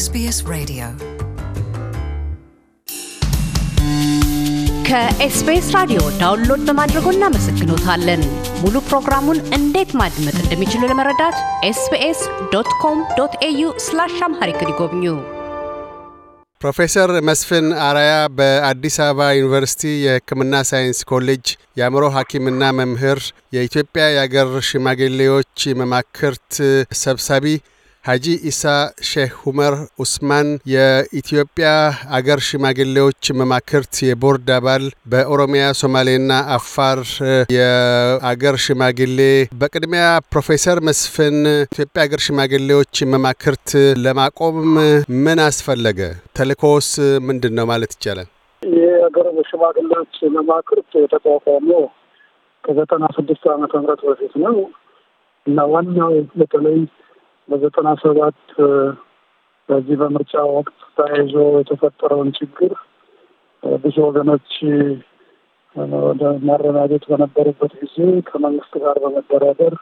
ኤስቢኤስ Radio ከኤስቢኤስ ራዲዮ ዳውንሎድ በማድረጎ እናመሰግኖታለን። ሙሉ ፕሮግራሙን እንዴት ማድመጥ እንደሚችሉ ለመረዳት ኤስቢኤስ ዶት ኮም ዶት ኤዩ ስላሽ አምሃሪክ ይጎብኙ። ፕሮፌሰር መስፍን አራያ በአዲስ አበባ ዩኒቨርሲቲ የሕክምና ሳይንስ ኮሌጅ የአእምሮ ሐኪምና መምህር፣ የኢትዮጵያ የአገር ሽማግሌዎች መማክርት ሰብሳቢ፣ ሐጂ ኢሳ ሼህ ሁመር ኡስማን የኢትዮጵያ አገር ሽማግሌዎች መማክርት የቦርድ አባል በኦሮሚያ ሶማሌና አፋር የአገር ሽማግሌ በቅድሚያ ፕሮፌሰር መስፍን ኢትዮጵያ አገር ሽማግሌዎች መማክርት ለማቆም ምን አስፈለገ ተልእኮውስ ምንድን ነው ማለት ይቻላል የአገር ሽማግሌዎች መማክርት የተቋቋመው ከዘጠና ስድስት ዓመተ ምህረት በፊት ነው እና ዋናው በተለይ በዘጠና ሰባት በዚህ በምርጫ ወቅት ተያይዞ የተፈጠረውን ችግር ብዙ ወገኖች ወደ ማረሚያ ቤት በነበሩበት ጊዜ ከመንግስት ጋር በመደራደር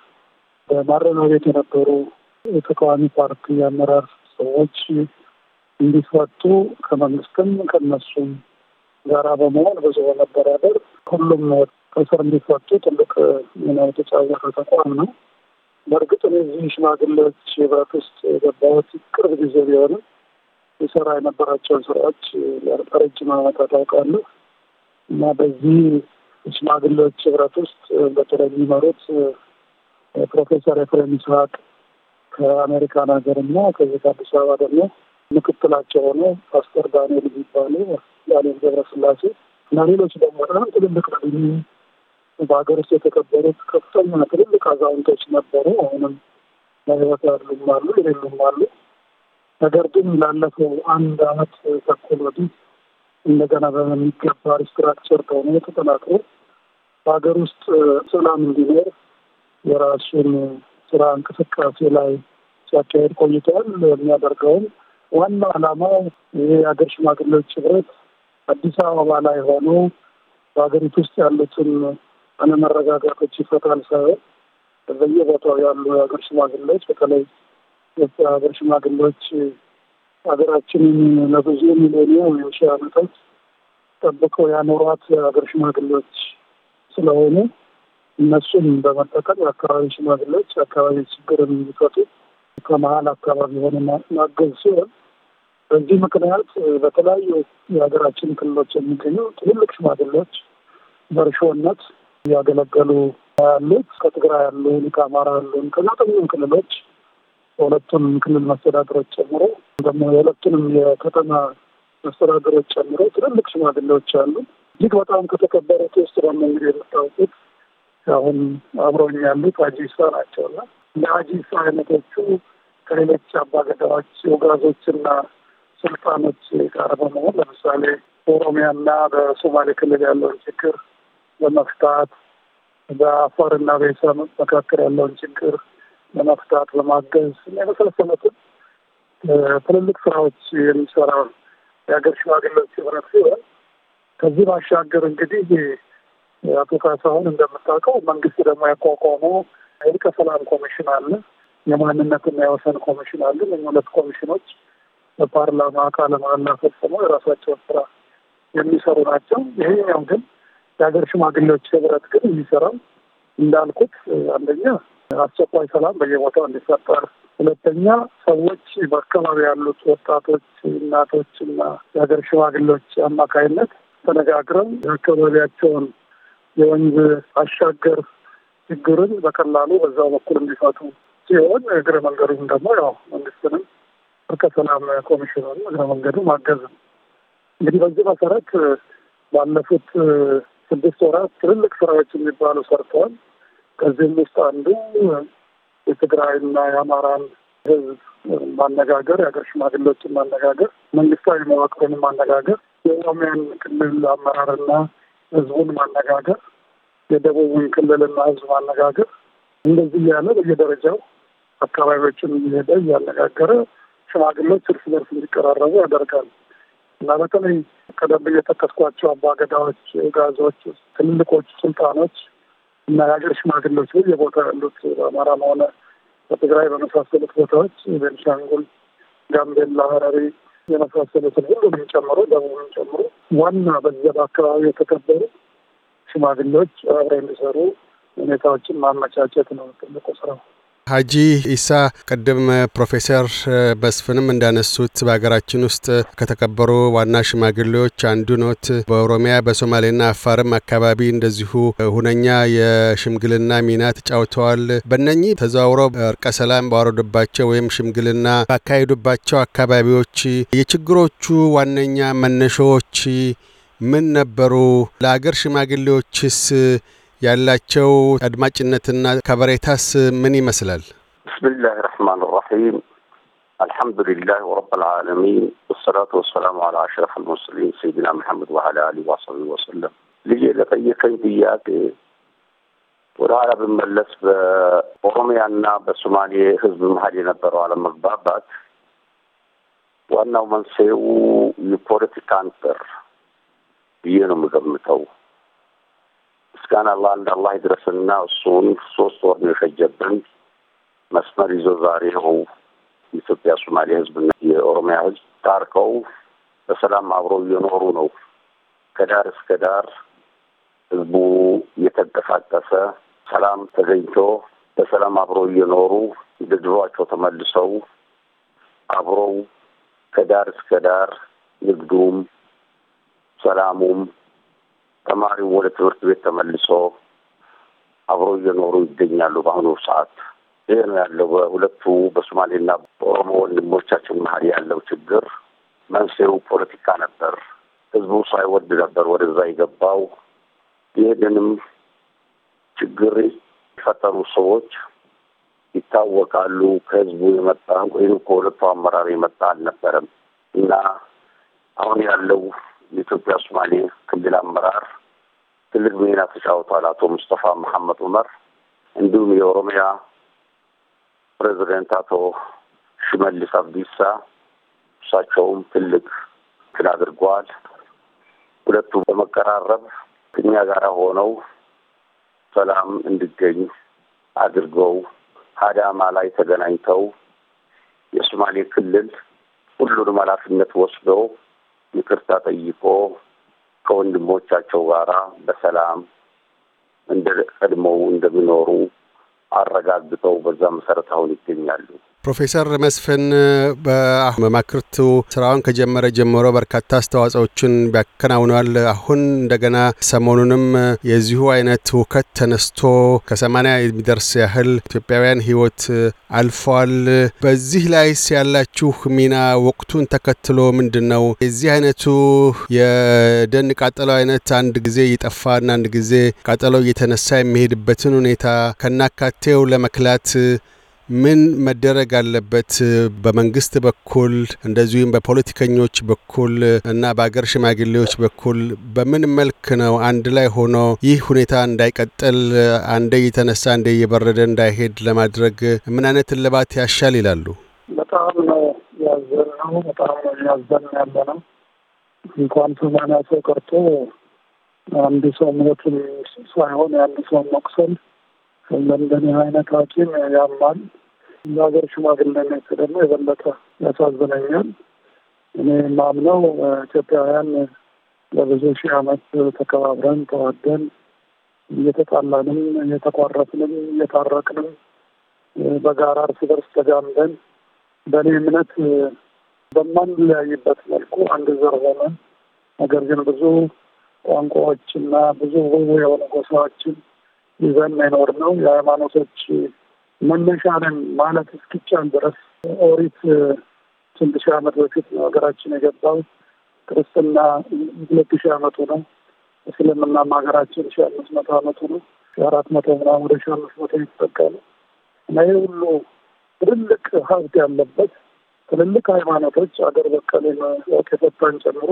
በማረሚያ ቤት የነበሩ የተቃዋሚ ፓርቲ አመራር ሰዎች እንዲፈቱ ከመንግስትም ከነሱም ጋራ በመሆን ብዙ በመደራደር ሁሉም ከእስር እንዲፈቱ ትልቅ ሚና የተጫወተ ተቋም ነው። በእርግጥ እነዚህ ሽማግሌዎች ህብረት ውስጥ የገባሁት ቅርብ ጊዜ ቢሆንም የሰራ የነበራቸውን ስራዎች ረጅም ዓመታት አውቃለሁ እና በዚህ ሽማግሌዎች ህብረት ውስጥ በተለይ የሚመሩት ፕሮፌሰር ኤፍሬም ይስሐቅ ከአሜሪካን ሀገር እና ከዚህ ከአዲስ አበባ ደግሞ ምክትላቸው ሆነ ፓስተር ዳንኤል የሚባሉ ዳንኤል ገብረስላሴ እና ሌሎች ደግሞ በጣም ትልልቅ ነው በሀገር ውስጥ የተቀበሩት ከፍተኛ ትልልቅ አዛውንቶች ነበሩ። አሁንም በህይወት ያሉም አሉ፣ የሌሉም አሉ። ነገር ግን ላለፈው አንድ አመት ተኩል ወዲህ እንደገና በሚገባ ሪስትራክቸር ከሆነ ተጠናክሮ በሀገር ውስጥ ሰላም እንዲኖር የራሱን ስራ እንቅስቃሴ ላይ ሲያካሄድ ቆይተዋል። የሚያደርገውም ዋና ይሄ የሀገር ሽማግሌዎች ህብረት አዲስ አበባ ላይ ሆነው በሀገሪቱ ውስጥ ያሉትን አለመረጋጋቶች ይፈታል ሳይሆን በየቦታው ያሉ የሀገር ሽማግሌዎች በተለይ ሀገር ሽማግሌዎች ሀገራችንን ለብዙ ሚሊዮን የሺ ዓመታት ጠብቀው ያኖሯት የሀገር ሽማግሌዎች ስለሆኑ እነሱም በመጠቀም የአካባቢ ሽማግሌዎች የአካባቢ ችግርን የሚፈቱ ከመሀል አካባቢ የሆነ ማገዝ ሲሆን በዚህ ምክንያት በተለያዩ የሀገራችን ክልሎች የሚገኙ ትልልቅ ሽማግሌዎች በእርሾነት እያገለገሉ ያሉት ከትግራይ ያሉን ከአማራ ያሉ ከዘጠኙም ክልሎች ሁለቱን ክልል መስተዳድሮች ጨምሮ ደግሞ የሁለቱንም የከተማ መስተዳድሮች ጨምሮ ትልልቅ ሽማግሌዎች አሉ። እጅግ በጣም ከተከበሩት ውስጥ ደግሞ እንግዲህ የምታውቁት አሁን አብረውኝ ያሉት አጂሳ ናቸው ናቸውና እንደ አጂሳ አይነቶቹ ከሌሎች አባገዳዎች ውጋዞችና ስልጣኖች ጋር በመሆን ለምሳሌ በኦሮሚያና በሶማሌ ክልል ያለውን ችግር በመፍታት በአፋርና በኢሳ መካከል ያለውን ችግር ለመፍታት ለማገዝ እና የመሳሰሉትን ትልልቅ ስራዎች የሚሰራ የሀገር ሽማግሌዎች የሆነ ሲሆን ከዚህ ባሻገር እንግዲህ አቶ ካሳሁን እንደምታውቀው መንግስት ደግሞ ያቋቋመው የእርቀ ሰላም ኮሚሽን አለ፣ የማንነትና የወሰን ኮሚሽን አለ። ሁለት ኮሚሽኖች በፓርላማ ቃለ መሃላ ፈጽመው የራሳቸውን ስራ የሚሰሩ ናቸው። ይሄኛው ግን የሀገር ሽማግሌዎች ህብረት ግን የሚሰራው እንዳልኩት አንደኛ አስቸኳይ ሰላም በየቦታው እንዲፈጠር፣ ሁለተኛ ሰዎች በአካባቢ ያሉት ወጣቶች፣ እናቶች እና የሀገር ሽማግሌዎች አማካይነት ተነጋግረው የአካባቢያቸውን የወንዝ አሻገር ችግርን በቀላሉ በዛው በኩል እንዲፈቱ ሲሆን እግረ መንገዱም ደግሞ ያው መንግስትንም እርቀ ሰላም ኮሚሽኑን እግረ መንገዱ ማገዝ ነው። እንግዲህ በዚህ መሰረት ባለፉት ስድስት ወራት ትልልቅ ስራዎች የሚባሉ ሰርተዋል። ከዚህም ውስጥ አንዱ የትግራይና የአማራን ህዝብ ማነጋገር፣ የሀገር ሽማግሌዎችን ማነጋገር፣ መንግስታዊ መዋቅሮን ማነጋገር፣ የኦሮሚያን ክልል አመራርና ህዝቡን ማነጋገር፣ የደቡብን ክልልና ህዝብ ማነጋገር፣ እንደዚህ እያለ በየደረጃው አካባቢዎችን እየሄደ እያነጋገረ ሽማግሌዎች እርስ በርስ እንዲቀራረቡ ያደርጋል። እና በተለይ ቀደም ብዬ የጠቀስኳቸው አባገዳዎች፣ ጋዞች ትልልቆች ስልጣኖች እና የሀገር ሽማግሌዎች በየቦታው ያሉት በአማራም ሆነ በትግራይ በመሳሰሉት ቦታዎች ቤንሻንጉል፣ ጋምቤላ፣ ሀረሪ የመሳሰሉትን ሁሉንም ጨምሮ ደቡብን ጨምሮ ዋና በዚያ በአካባቢ የተከበሩ ሽማግሌዎች አብረው እንዲሰሩ ሁኔታዎችን ማመቻቸት ነው ትልቁ ስራው። ሀጂ ኢሳ ቅድም ፕሮፌሰር መስፍንም እንዳነሱት በሀገራችን ውስጥ ከተከበሩ ዋና ሽማግሌዎች አንዱ ኖት። በኦሮሚያ በሶማሌና አፋርም አካባቢ እንደዚሁ ሁነኛ የሽምግልና ሚና ተጫውተዋል። በእነኚህ ተዘዋውሮ እርቀ ሰላም ባወረዱባቸው ወይም ሽምግልና ባካሄዱባቸው አካባቢዎች የችግሮቹ ዋነኛ መነሾዎች ምን ነበሩ? ለአገር ሽማግሌዎችስ ያላቸው አድማጭነትና ከበሬታስ ምን ይመስላል? ብስሚላህ ረሕማን ራሒም አልሐምዱሊላህ ረብልዓለሚን ወሰላቱ ወሰላሙ አላ አሽረፍ አልሙርሰሊን ሰይድና መሐመድ ወዓላ አሊ ወሰቢ ወሰለም። ልጄ ለጠየቀኝ ጥያቄ ወደ ኋላ ብመለስ በኦሮሚያና በሶማሌ ህዝብ መሀል የነበረው አለመግባባት ዋናው መንስኤው የፖለቲካ አንጥር ብዬ ነው የምገምተው። ምስጋና ለአንድ አላህ ይድረስና እሱን ሶስት ወር ነው የፈጀብን መስመር ይዞ ዛሬ ይኸው የኢትዮጵያ ሶማሌ ህዝብና የኦሮሚያ ህዝብ ታርከው በሰላም አብረው እየኖሩ ነው። ከዳር እስከ ዳር ህዝቡ እየተንቀሳቀሰ ሰላም ተገኝቶ በሰላም አብረው እየኖሩ ድድሯቸው ተመልሰው አብረው ከዳር እስከ ዳር ንግዱም ሰላሙም ተማሪው ወደ ትምህርት ቤት ተመልሶ አብሮ እየኖሩ ይገኛሉ። በአሁኑ ሰዓት ይህ ነው ያለው በሁለቱ በሶማሌና በኦሮሞ ወንድሞቻችን መሀል ያለው ችግር። መንስኤው ፖለቲካ ነበር። ህዝቡ ሳይወድ ነበር ወደዛ የገባው። ይህንንም ችግር የፈጠሩ ሰዎች ይታወቃሉ። ከህዝቡ የመጣ ወይም ከሁለቱ አመራር የመጣ አልነበረም እና አሁን ያለው የኢትዮጵያ ሶማሌ ክልል አመራር ትልቅ ሚና ተጫውቷል። አቶ ሙስጠፋ መሐመድ ዑመር እንዲሁም የኦሮሚያ ፕሬዚደንት አቶ ሽመልስ አብዲሳ እሳቸውም ትልቅ ትል አድርገዋል። ሁለቱ በመቀራረብ ከኛ ጋራ ሆነው ሰላም እንዲገኝ አድርገው አዳማ ላይ ተገናኝተው የሶማሌ ክልል ሁሉንም ኃላፊነት ወስደው ይቅርታ ጠይቆ ከወንድሞቻቸው ጋር በሰላም እንደ ቀድሞው እንደሚኖሩ አረጋግጠው በዛ መሰረት አሁን ይገኛሉ። ፕሮፌሰር መስፍን በመማክርቱ ስራውን ከጀመረ ጀምሮ በርካታ አስተዋጽዎችን ቢያከናውኗል። አሁን እንደገና ሰሞኑንም የዚሁ አይነት ውከት ተነስቶ ከሰማኒያ የሚደርስ ያህል ኢትዮጵያውያን ህይወት አልፏል። በዚህ ላይስ ያላችሁ ሚና ወቅቱን ተከትሎ ምንድን ነው? የዚህ አይነቱ የደን ቃጠሎ አይነት አንድ ጊዜ ይጠፋና አንድ ጊዜ ቃጠሎ እየተነሳ የሚሄድበትን ሁኔታ ከናካቴው ለመክላት ምን መደረግ አለበት በመንግስት በኩል እንደዚሁም በፖለቲከኞች በኩል እና በአገር ሽማግሌዎች በኩል በምን መልክ ነው አንድ ላይ ሆኖ ይህ ሁኔታ እንዳይቀጥል አንዴ እየተነሳ እንደ እየበረደ እንዳይሄድ ለማድረግ ምን አይነት እልባት ያሻል ይላሉ? በጣም ነው ያዘነው። በጣም ያዘን ያለ ነው። እንኳን ሰማንያ ሰው ቀርቶ አንድ ሰው ሞት ሳይሆን የአንድ ሰው መቁሰል እንደኔ አይነት ሐኪም ያማል። የሀገር ሽማግሌነት ደግሞ የበለጠ ያሳዝነኛል። እኔ ማምነው ኢትዮጵያውያን ለብዙ ሺህ ዓመት ተከባብረን ተዋደን እየተጣላንም እየተቋረፍንም እየታረቅንም በጋራ እርስ በርስ ተጋምደን በእኔ እምነት በማንለያይበት መልኩ አንድ ዘር ሆነን ነገር ግን ብዙ ቋንቋዎችና ብዙ የሆነ ጎሳዎችን ይዘን መኖር ነው። የሃይማኖቶች መነሻንን ማለት እስኪቻል ድረስ ኦሪት ስንት ሺህ ዓመት በፊት ነው ሀገራችን የገባው። ክርስትና ሁለት ሺህ ዓመቱ ነው። እስልምናም ሀገራችን ሺህ አምስት መቶ ዓመቱ ነው። ሺህ አራት መቶ ምናምን ወደ ሺህ አምስት መቶ የተጠጋ ነው እና ይህ ሁሉ ትልልቅ ሀብት ያለበት ትልልቅ ሃይማኖቶች አገር በቀል ወቅ የፈታን ጨምሮ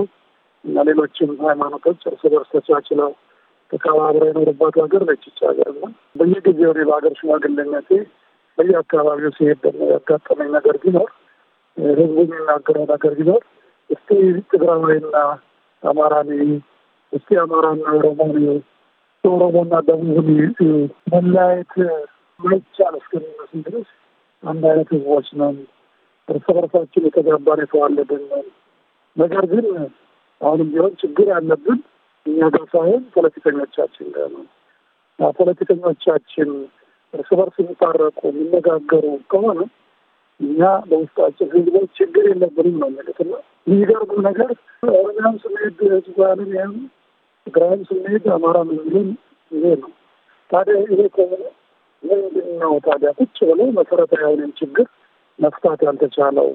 እና ሌሎችም ሃይማኖቶች እርስ በርስ ተቻችለው ተከባብረ የኖርባት ሀገር ነች ይህች ሀገር እና በየጊዜው እኔ በሀገር ሽማግሌነቴ በየአካባቢው ሲሄድ ደግሞ ያጋጠመኝ ነገር ቢኖር ህዝቡ የሚናገረው ነገር ቢኖር እስቲ ትግራዊና አማራ እስቲ አማራና ኦሮሞ ኦሮሞና ደቡብ መለያየት ማይቻል እስከሚመስል ድረስ አንድ አይነት ህዝቦች ነን፣ እርስ በርሳችን የተጋባን የተዋለድን ነን። ነገር ግን አሁንም ቢሆን ችግር ያለብን እኛ ጋር ሳይሆን ፖለቲከኞቻችን ጋር ነው። ፖለቲከኞቻችን እርስ በርስ የሚታረቁ የሚነጋገሩ ከሆነ እኛ በውስጣችን ህዝቦች ችግር የለብንም ነው የሚሉት እና የሚገርም ነገር ኦሮሚያም ስንሄድ ህዝባንን ያም ትግራይም ስንሄድ አማራ ምንሚልን ይሄ ነው። ታዲያ ይሄ ከሆነ ምንድን ነው ታዲያ ቁጭ ብሎ መሰረታዊ የሆነን ችግር መፍታት ያልተቻለው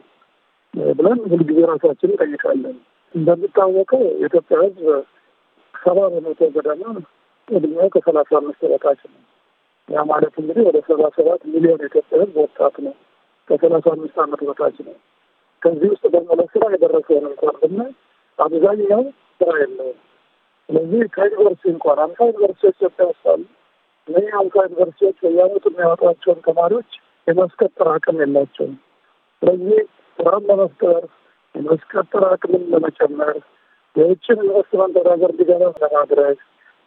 ብለን ሁልጊዜ ራሳችን እንጠይቃለን። እንደሚታወቀው የኢትዮጵያ ህዝብ ሰባ በመቶ ገደማ እድሜው ከሰላሳ አምስት በታች ነው። ያ ማለት እንግዲህ ወደ ሰባ ሰባት ሚሊዮን የኢትዮጵያ ሕዝብ ወጣት ነው፣ ከሰላሳ አምስት ዓመት በታች ነው። ከዚህ ውስጥ ደግሞ ለስራ የደረሰውን እንኳን ብናይ አብዛኛው ስራ የለውም። ስለዚህ ከዩኒቨርሲቲ እንኳን አምሳ ዩኒቨርሲቲዎች ኢትዮጵያ ውስጥ አሉ። እነዚህ አምሳ ዩኒቨርሲቲዎች በየዓመቱ የሚያወጧቸውን ተማሪዎች የማስቀጠር አቅም የላቸውም። ስለዚህ ስራን ለመፍጠር የማስቀጠር አቅምን ለመጨመር የውጭን ኢንቨስትመንት ወደ ሀገር እንዲገባ ለማድረግ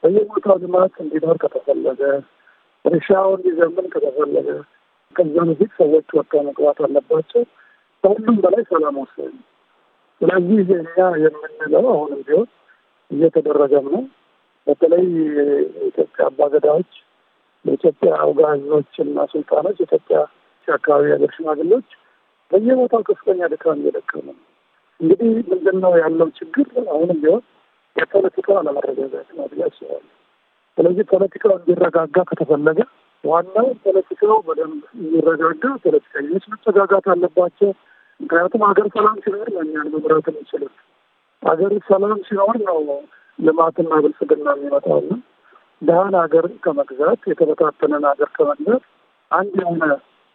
በየቦታው ልማት እንዲኖር ከተፈለገ እርሻው እንዲዘምን ከተፈለገ ከዛ በፊት ሰዎች ወጥተው መግባት አለባቸው። ከሁሉም በላይ ሰላም ወሰኝ። ስለዚህ እኛ የምንለው አሁንም ቢሆን እየተደረገም ነው። በተለይ የኢትዮጵያ አባገዳዎች፣ የኢትዮጵያ አውጋዞች እና ሱልጣኖች፣ የኢትዮጵያ አካባቢ ሀገር ሽማግሌዎች በየቦታው ከፍተኛ ድካም እየደከሙ ነው። እንግዲህ ምንድን ነው ያለው ችግር አሁንም ቢሆን የፖለቲካው አለመረጋጋት ነው ብዬ አስባለሁ። ስለዚህ ፖለቲካው እንዲረጋጋ ከተፈለገ ዋናው ፖለቲካው በደንብ እንዲረጋጋ ፖለቲከኞች መጠጋጋት አለባቸው። ምክንያቱም ሀገር ሰላም ሲኖር ነው መምራት የሚችሉት። ሀገር ሰላም ሲኖር ነው ልማትና ብልጽግና የሚመጣውና ደህን ሀገር ከመግዛት የተበታተነን ሀገር ከመግዛት አንድ የሆነ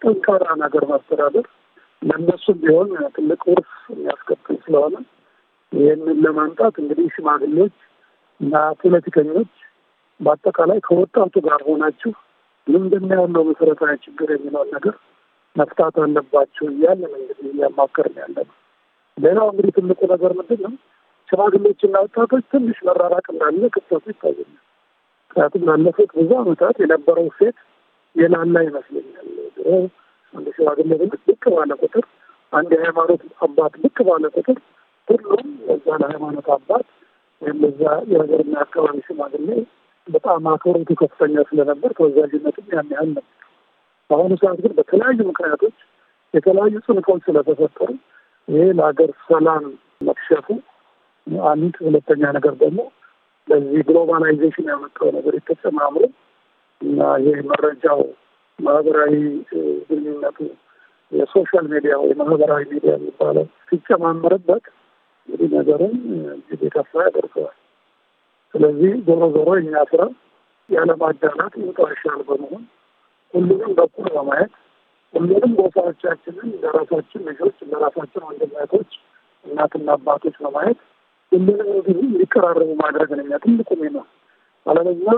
ጠንካራን ሀገር ማስተዳደር ለእነሱም ቢሆን ትልቅ ውርስ የሚያስከትል ስለሆነ ይህንን ለማምጣት እንግዲህ ሽማግሌዎች እና ፖለቲከኞች በአጠቃላይ ከወጣቱ ጋር ሆናችሁ ምንድን ያለው መሰረታዊ ችግር የሚለውን ነገር መፍታት አለባችሁ እያለን እንግዲህ እያማከርን ያለ ነው። ሌላው እንግዲህ ትልቁ ነገር ምንድን ነው? ሽማግሌዎችና ወጣቶች ትንሽ መራራቅ እንዳለ ክፍተቱ ይታየኛል። ምክንያቱም ላለፉት ብዙ ዓመታት የነበረው ሴት የላላ ይመስለኛል ድሮ አንድ ሽማግሌ ብልት ልቅ ባለ ቁጥር፣ አንድ የሃይማኖት አባት ልቅ ባለ ቁጥር ሁሉም ለዛ ለሃይማኖት አባት ወይም ለዛ የሀገርና አካባቢ ሽማግሌ በጣም አክብሮቱ ከፍተኛ ስለነበር ተወዛጅነትም ያን ያህል ነበር። በአሁኑ ሰዓት ግን በተለያዩ ምክንያቶች የተለያዩ ጽንፎች ስለተፈጠሩ ይሄ ለሀገር ሰላም መክሸፉ አንድ፣ ሁለተኛ ነገር ደግሞ ለዚህ ግሎባላይዜሽን ያመጣው ነገር ተጨማምሮ እና ይህ መረጃው ማህበራዊ ግንኙነቱ የሶሻል ሚዲያ ወይ ማህበራዊ ሚዲያ የሚባለው ሲጨማመርበት እንግዲህ ነገሩን እጅግ የከፋ ያደርገዋል። ስለዚህ ዞሮ ዞሮ እኛ ስራ ያለማዳላት ይውጣሻል በመሆን ሁሉንም በኩል በማየት ሁሉንም ቦታዎቻችንን ለራሳችን ልጆች ለራሳችን ወንድማቶች እናትና አባቶች በማየት ሁሉንም እንዲቀራረቡ ማድረግ ነው ትልቁ ሚና አለበለዚያ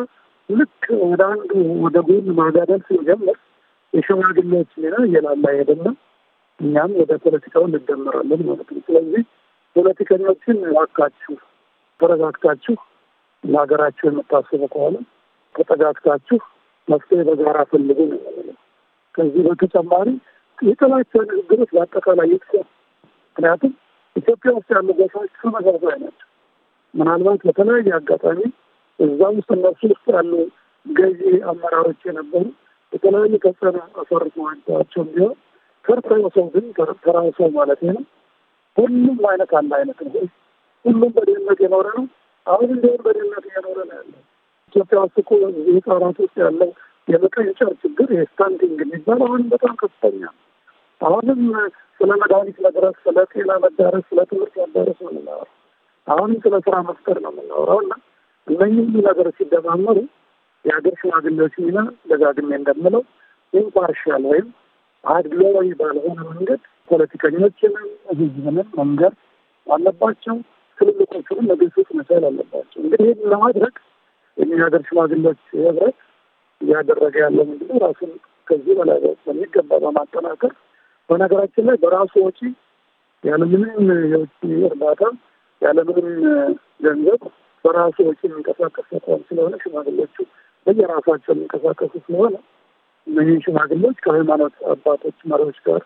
ልክ ወደ አንዱ ወደ ጎን ማጋደል ሲጀምር የሽማግሌዎች ሚና እየላላ ሄደና እኛም ወደ ፖለቲካው እንደመራለን ማለት ነው። ስለዚህ ፖለቲከኞችን እባካችሁ ተረጋግታችሁ ለሀገራችሁ የምታስቡ ከሆነ ተጠጋግታችሁ መፍትሄ በጋራ ፈልጉ ነው። ከዚህ በተጨማሪ የጥላቸው ንግግሮች በአጠቃላይ ይጥፋ። ምክንያቱም ኢትዮጵያ ውስጥ ያሉ ጎሳዎች ተመሳሳይ ናቸው። ምናልባት በተለያየ አጋጣሚ እዛ ውስጥ እነሱ ውስጥ ያሉ ገዢ አመራሮች የነበሩ የተለያዩ ተጽዕኖ አሳርፈባቸውም ቢሆን ተርታዊ ሰው ግን ተራዊ ሰው ማለት ነው። ሁሉም አይነት አንድ አይነት ነው። ሁሉም በደህንነት የኖረ ነው። አሁን እንዲሁም በደህንነት እየኖረ ነው ያለ ኢትዮጵያ ውስጥ እኮ ህጻናት ውስጥ ያለው የመቀንጨር ችግር የስታንዲንግ የሚባል አሁንም በጣም ከፍተኛ ነው። አሁንም ስለ መድኃኒት መድረስ፣ ስለ ጤና መዳረስ፣ ስለ ትምህርት መዳረስ ነው የምናወራው። አሁንም ስለ ስራ መፍጠር ነው የምናወራው እና እነኚህ ሁሉ ነገሮች ሲደማመሩ የሀገር ሽማግሌዎች ሚና ደጋግሜ እንደምለው ኢምፓርሻል ወይም አድሏዊ ባልሆነ መንገድ ፖለቲከኞችንም ህዝብንም መንገድ አለባቸው። ትልልቆቹንም መገሰጽ መቻል አለባቸው። እንግዲህ ይህን ለማድረግ የኛ ሀገር ሽማግሌዎች ህብረት እያደረገ ያለው ምንድነው? ራሱን ከዚህ በላይ በሚገባ በማጠናከር በነገራችን ላይ በራሱ ወጪ ያለምንም የውጭ እርዳታ ያለምንም ገንዘብ በራሱ ወጪ የሚንቀሳቀስ ተቋም ስለሆነ ሽማግሌዎቹ በየራሳቸው የሚንቀሳቀሱ ስለሆነ እነዚህ ሽማግሌዎች ከሃይማኖት አባቶች መሪዎች ጋር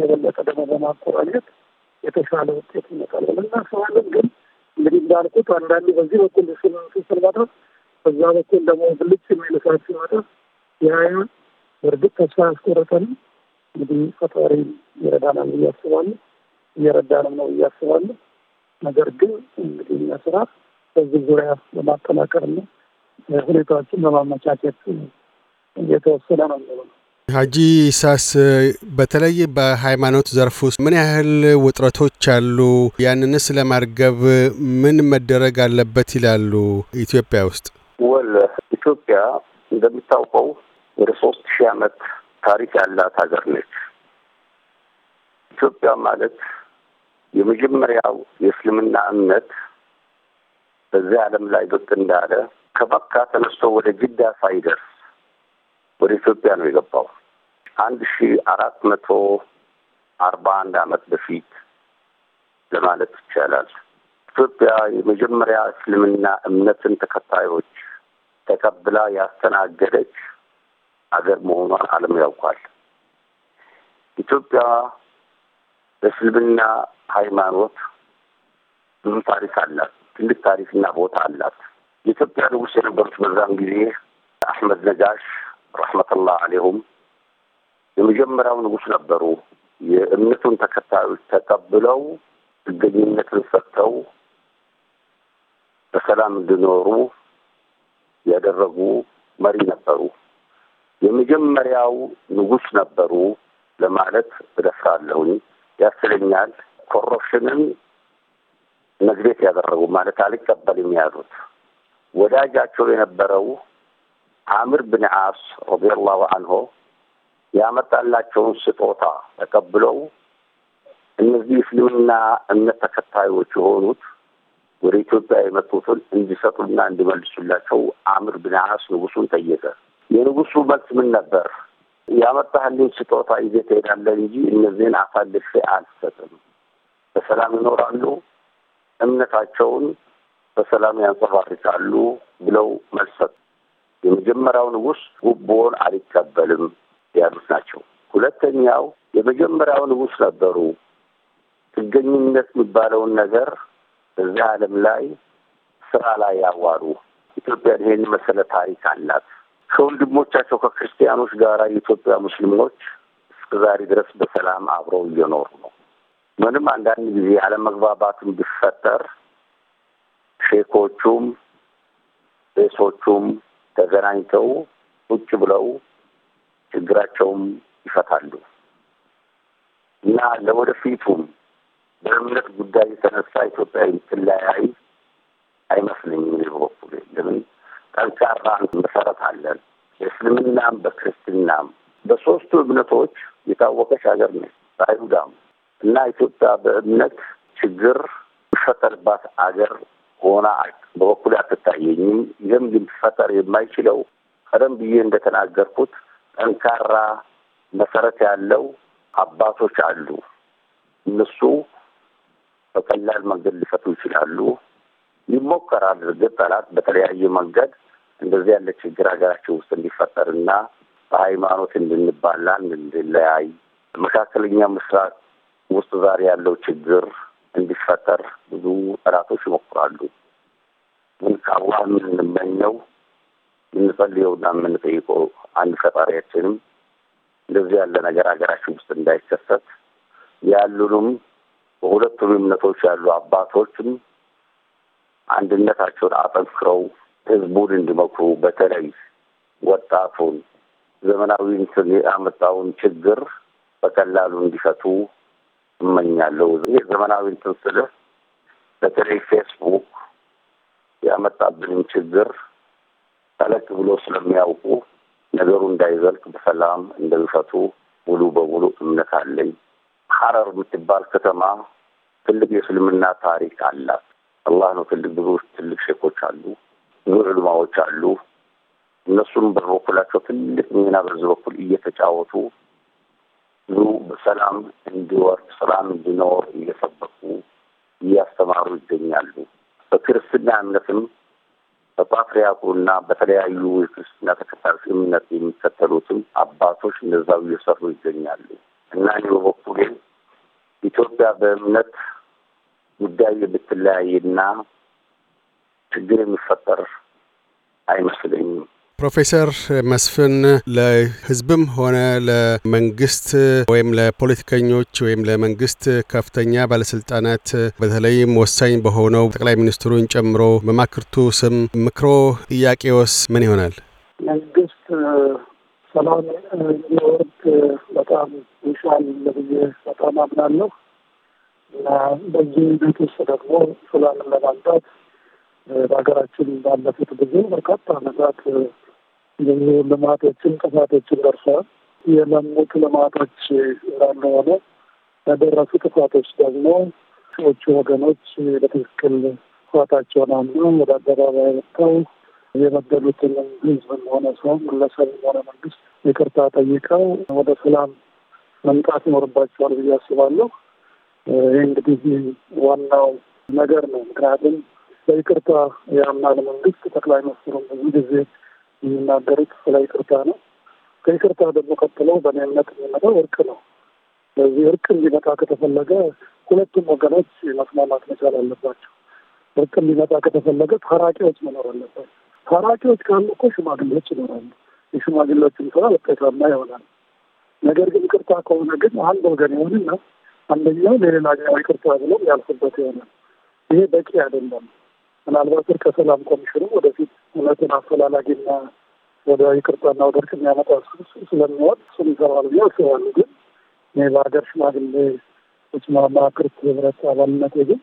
የበለጠ ደግሞ በማቆራኘት የተሻለ ውጤት ይመጣል ብለን እናስባለን። ግን እንግዲህ እንዳልኩት አንዳንዱ በዚህ በኩል ስስል ማድረግ በዛ በኩል ደግሞ ብልጭ የሚል እሳት ሲመጣ የሀያ በእርግጥ ተስፋ ያስቆረጠን እንግዲህ ፈጣሪ ይረዳናል ብዬ አስባለሁ። እየረዳንም ነው ብዬ አስባለሁ። ነገር ግን እንግዲህ እኛ ስራ በዚህ ዙሪያ በማጠናከርና ሁኔታዎችን በማመቻቸት እየተወሰነ ነው ነው። ሀጂ ኢሳስ በተለይ በሃይማኖት ዘርፍ ውስጥ ምን ያህል ውጥረቶች አሉ? ያንንስ ለማርገብ ምን መደረግ አለበት ይላሉ? ኢትዮጵያ ውስጥ ወል ኢትዮጵያ እንደሚታውቀው ወደ ሶስት ሺህ ዓመት ታሪክ ያላት ሀገር ነች። ኢትዮጵያ ማለት የመጀመሪያው የእስልምና እምነት በዚህ ዓለም ላይ ብቅ እንዳለ ከመካ ተነስቶ ወደ ጅዳ ሳይደርስ ወደ ኢትዮጵያ ነው የገባው። አንድ ሺ አራት መቶ አርባ አንድ አመት በፊት ለማለት ይቻላል። ኢትዮጵያ የመጀመሪያ እስልምና እምነትን ተከታዮች ተቀብላ ያስተናገደች ሀገር መሆኗን ዓለም ያውቋል። ኢትዮጵያ በእስልምና ሃይማኖት ብዙ ታሪክ አላት። ትልቅ ታሪክና ቦታ አላት። የኢትዮጵያ ንጉስ የነበሩት በዛም ጊዜ አሕመድ ነጋሽ ረሕመቱላህ አለይሁም የመጀመሪያው ንጉስ ነበሩ። የእምነቱን ተከታዮች ተቀብለው ጥገኝነትን ሰጥተው በሰላም እንዲኖሩ ያደረጉ መሪ ነበሩ። የመጀመሪያው ንጉስ ነበሩ ለማለት እደፍራለሁኝ። ያስለኛል ኮረፕሽንን መግቤት ያደረጉ ማለት አልቀበልም ያሉት ወዳጃቸው የነበረው አምር ብን አስ ረዲየላሁ አንሁ ያመጣላቸውን ስጦታ ተቀብለው እነዚህ እስልምና እምነት ተከታዮች የሆኑት ወደ ኢትዮጵያ የመጡትን እንዲሰጡና እንዲመልሱላቸው አምር ብን አስ ንጉሱን ጠየቀ። የንጉሱ መልስ ምን ነበር? ያመጣህልኝ ስጦታ ይዘህ ትሄዳለህ እንጂ እነዚህን አሳልፌ አልሰጥም። በሰላም ይኖራሉ እምነታቸውን በሰላም ያንጸባርቃሉ ብለው መልሰት የመጀመሪያው ንጉስ ጉቦን አልቀበልም ያሉት ናቸው። ሁለተኛው የመጀመሪያው ንጉስ ነበሩ። ጥገኝነት የሚባለውን ነገር እዚህ ዓለም ላይ ስራ ላይ ያዋሉ ኢትዮጵያ ይሄን መሰለ ታሪክ አላት። ከወንድሞቻቸው ከክርስቲያኖች ጋር የኢትዮጵያ ሙስሊሞች እስከ ድረስ በሰላም አብረው እየኖሩ ነው። ምንም አንዳንድ ጊዜ አለመግባባቱን ቢፈጠር ሼኮቹም ቄሶቹም ተገናኝተው ቁጭ ብለው ችግራቸውም ይፈታሉ እና ለወደፊቱም በእምነት ጉዳይ የተነሳ ኢትዮጵያ የምትለያይ አይመስለኝም። በበኩሌ ለምን ጠንካራ መሰረት አለን። በእስልምናም በክርስትናም በሶስቱ እምነቶች የታወቀች ሀገር ነች። በአይሁዳም እና ኢትዮጵያ በእምነት ችግር ፈጠርባት አገር ሆና በበኩል አትታየኝም። ይህም ሊፈጠር የማይችለው ቀደም ብዬ እንደተናገርኩት ጠንካራ መሰረት ያለው አባቶች አሉ። እነሱ በቀላል መንገድ ሊፈቱ ይችላሉ። ይሞከራል። እርግጥ ጠላት በተለያየ መንገድ እንደዚህ ያለ ችግር ሀገራችን ውስጥ እንዲፈጠርና በሃይማኖት እንድንባላ እንድንለያይ መካከለኛ ምስራቅ ውስጥ ዛሬ ያለው ችግር እንዲፈጠር ብዙ ጥራቶች ይሞክራሉ። ግን ከአላህ የምንመኘው የምንጸልየውና የምንጠይቀው አንድ ፈጣሪያችንም እንደዚህ ያለ ነገር ሀገራችን ውስጥ እንዳይከሰት ያሉንም በሁለቱም እምነቶች ያሉ አባቶችም አንድነታቸውን አጠንክረው ህዝቡን እንዲመክሩ በተለይ ወጣቱን ዘመናዊ ያመጣውን ችግር በቀላሉ እንዲፈቱ እመኛለሁ። ይህ ዘመናዊ ትንስልህ በተለይ ፌስቡክ ያመጣብንን ችግር ተለቅ ብሎ ስለሚያውቁ ነገሩ እንዳይዘልቅ በሰላም እንደሚፈቱ ሙሉ በሙሉ እምነት አለኝ። ሀረር የምትባል ከተማ ትልቅ የእስልምና ታሪክ አላት። አላህ ነው ትልቅ ብዙ ትልቅ ሼኮች አሉ፣ ብዙ ልማዎች አሉ። እነሱም በበኩላቸው ትልቅ ሚና በዚህ በኩል እየተጫወቱ ህዝቡ በሰላም እንዲወርድ ሰላም እንዲኖር እየሰበኩ እያስተማሩ ይገኛሉ። በክርስትና እምነትም በፓትርያርኩና በተለያዩ የክርስትና ተከታዮች እምነት የሚከተሉትም አባቶች እንደዛው እየሰሩ ይገኛሉ እና እኔ በበኩሌ ኢትዮጵያ በእምነት ጉዳይ የምትለያይና ችግር የሚፈጠር አይመስለኝም። ፕሮፌሰር መስፍን ለህዝብም ሆነ ለመንግስት ወይም ለፖለቲከኞች ወይም ለመንግስት ከፍተኛ ባለስልጣናት በተለይም ወሳኝ በሆነው ጠቅላይ ሚኒስትሩን ጨምሮ መማክርቱ ስም ምክሮ ጥያቄዎስ ምን ይሆናል? መንግስት ሰላም እንዲወርድ በጣም ይሻል ለብዬ በጣም አምናለሁ እና በዚህ ቤት ውስጥ ደግሞ ሰላምን ለማምጣት በሀገራችን ባለፉት ብዙ በርካታ ዓመታት ልማቶችን ጥፋቶችን ደርሰዋል። የለሙት ልማቶች እንዳለ ሆነ ያደረሱ ጥፋቶች ደግሞ ሰዎቹ ወገኖች በትክክል ጥፋታቸውን አምነው ወደ አደባባይ ወጥተው የበደሉትን ህዝብ ሆነ ሰውም ግለሰብም ሆነ መንግስት ይቅርታ ጠይቀው ወደ ሰላም መምጣት ይኖርባቸዋል ብዬ አስባለሁ። ይህ እንግዲህ ዋናው ነገር ነው። ምክንያቱም በይቅርታ ያምናል መንግስት። ጠቅላይ ሚኒስትሩም ብዙ ጊዜ የሚናገሩት ስለ ይቅርታ ነው። ከይቅርታ ደግሞ ቀጥለው በእኔ እምነት የሚመጣው እርቅ ነው። ስለዚህ እርቅ እንዲመጣ ከተፈለገ ሁለቱም ወገኖች መስማማት መቻል አለባቸው። እርቅ እንዲመጣ ከተፈለገ ታራቂዎች መኖር አለባቸው። ታራቂዎች ካሉ እኮ ሽማግሌዎች ይኖራሉ። የሽማግሌዎችም ስራ ውጤታማ ይሆናል። ነገር ግን ይቅርታ ከሆነ ግን አንድ ወገን ይሆንና አንደኛው ለሌላኛው ይቅርታ ብሎም ያልፍበት ይሆናል። ይሄ በቂ አይደለም። ምናልባት ከሰላም ኮሚሽኑ ወደፊት እውነትን አፈላላጊና ወደ ይቅርታና ወደ እርቅ የሚያመጣ ስለሚወጥ እሱም ይሰራል ብዬ አስባለሁ። ግን እኔ በሀገር ሽማግሌ ስማማ ክርት ህብረት አባልነቴ ግን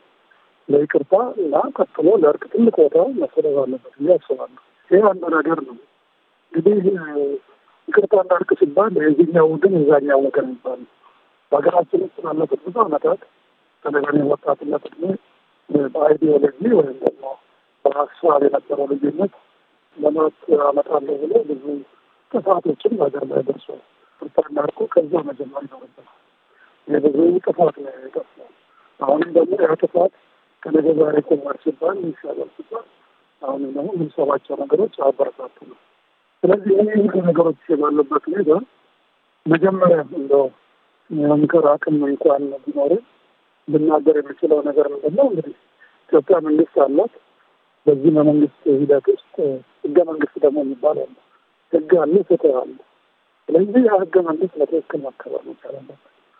ለይቅርታ እና ቀጥሎ ለእርቅ ትልቅ ቦታ መሰረት አለበት ብዬ አስባለሁ። ይህ አንድ ነገር ነው እንግዲህ ይቅርታና እርቅ ሲባል የዚህኛው ወገን የዛኛው ወገን ይባል በሀገራችን ውስጥ ላለፉት ብዙ ዓመታት በተለይ ወጣትነት እድሜ በአይዲዮሎጂ ወይም ደግሞ በሀሳብ የነበረው ልዩነት ለማት አመጣለሁ ብሎ ብዙ ጥፋቶችን በሀገር ላይ ደርሷል። ፕርታና ከዛ መጀመር ይኖርበታል። የብዙ ጥፋት ነው የጠፋው። አሁንም ደግሞ ያ ጥፋት ከነገ ዛሬ ቁማር ሲባል ይሻላል ሲባል አሁንም ደግሞ የምንሰባቸው ነገሮች አበረታቱ ነው። ስለዚህ ይህ ሁሉ ነገሮች የባሉበት ሁኔታ መጀመሪያ እንደው የምክር አቅም እንኳን ቢኖረን ልናገር የምችለው ነገር ምንድን ነው? እንግዲህ ኢትዮጵያ መንግስት አላት። በዚህ በመንግስት ሂደት ውስጥ ህገ መንግስት ደግሞ የሚባል አለ። ህግ አለ፣ ፍትህ አለ። ስለዚህ ያ ህገ መንግስት በትክክል መከበር መቻል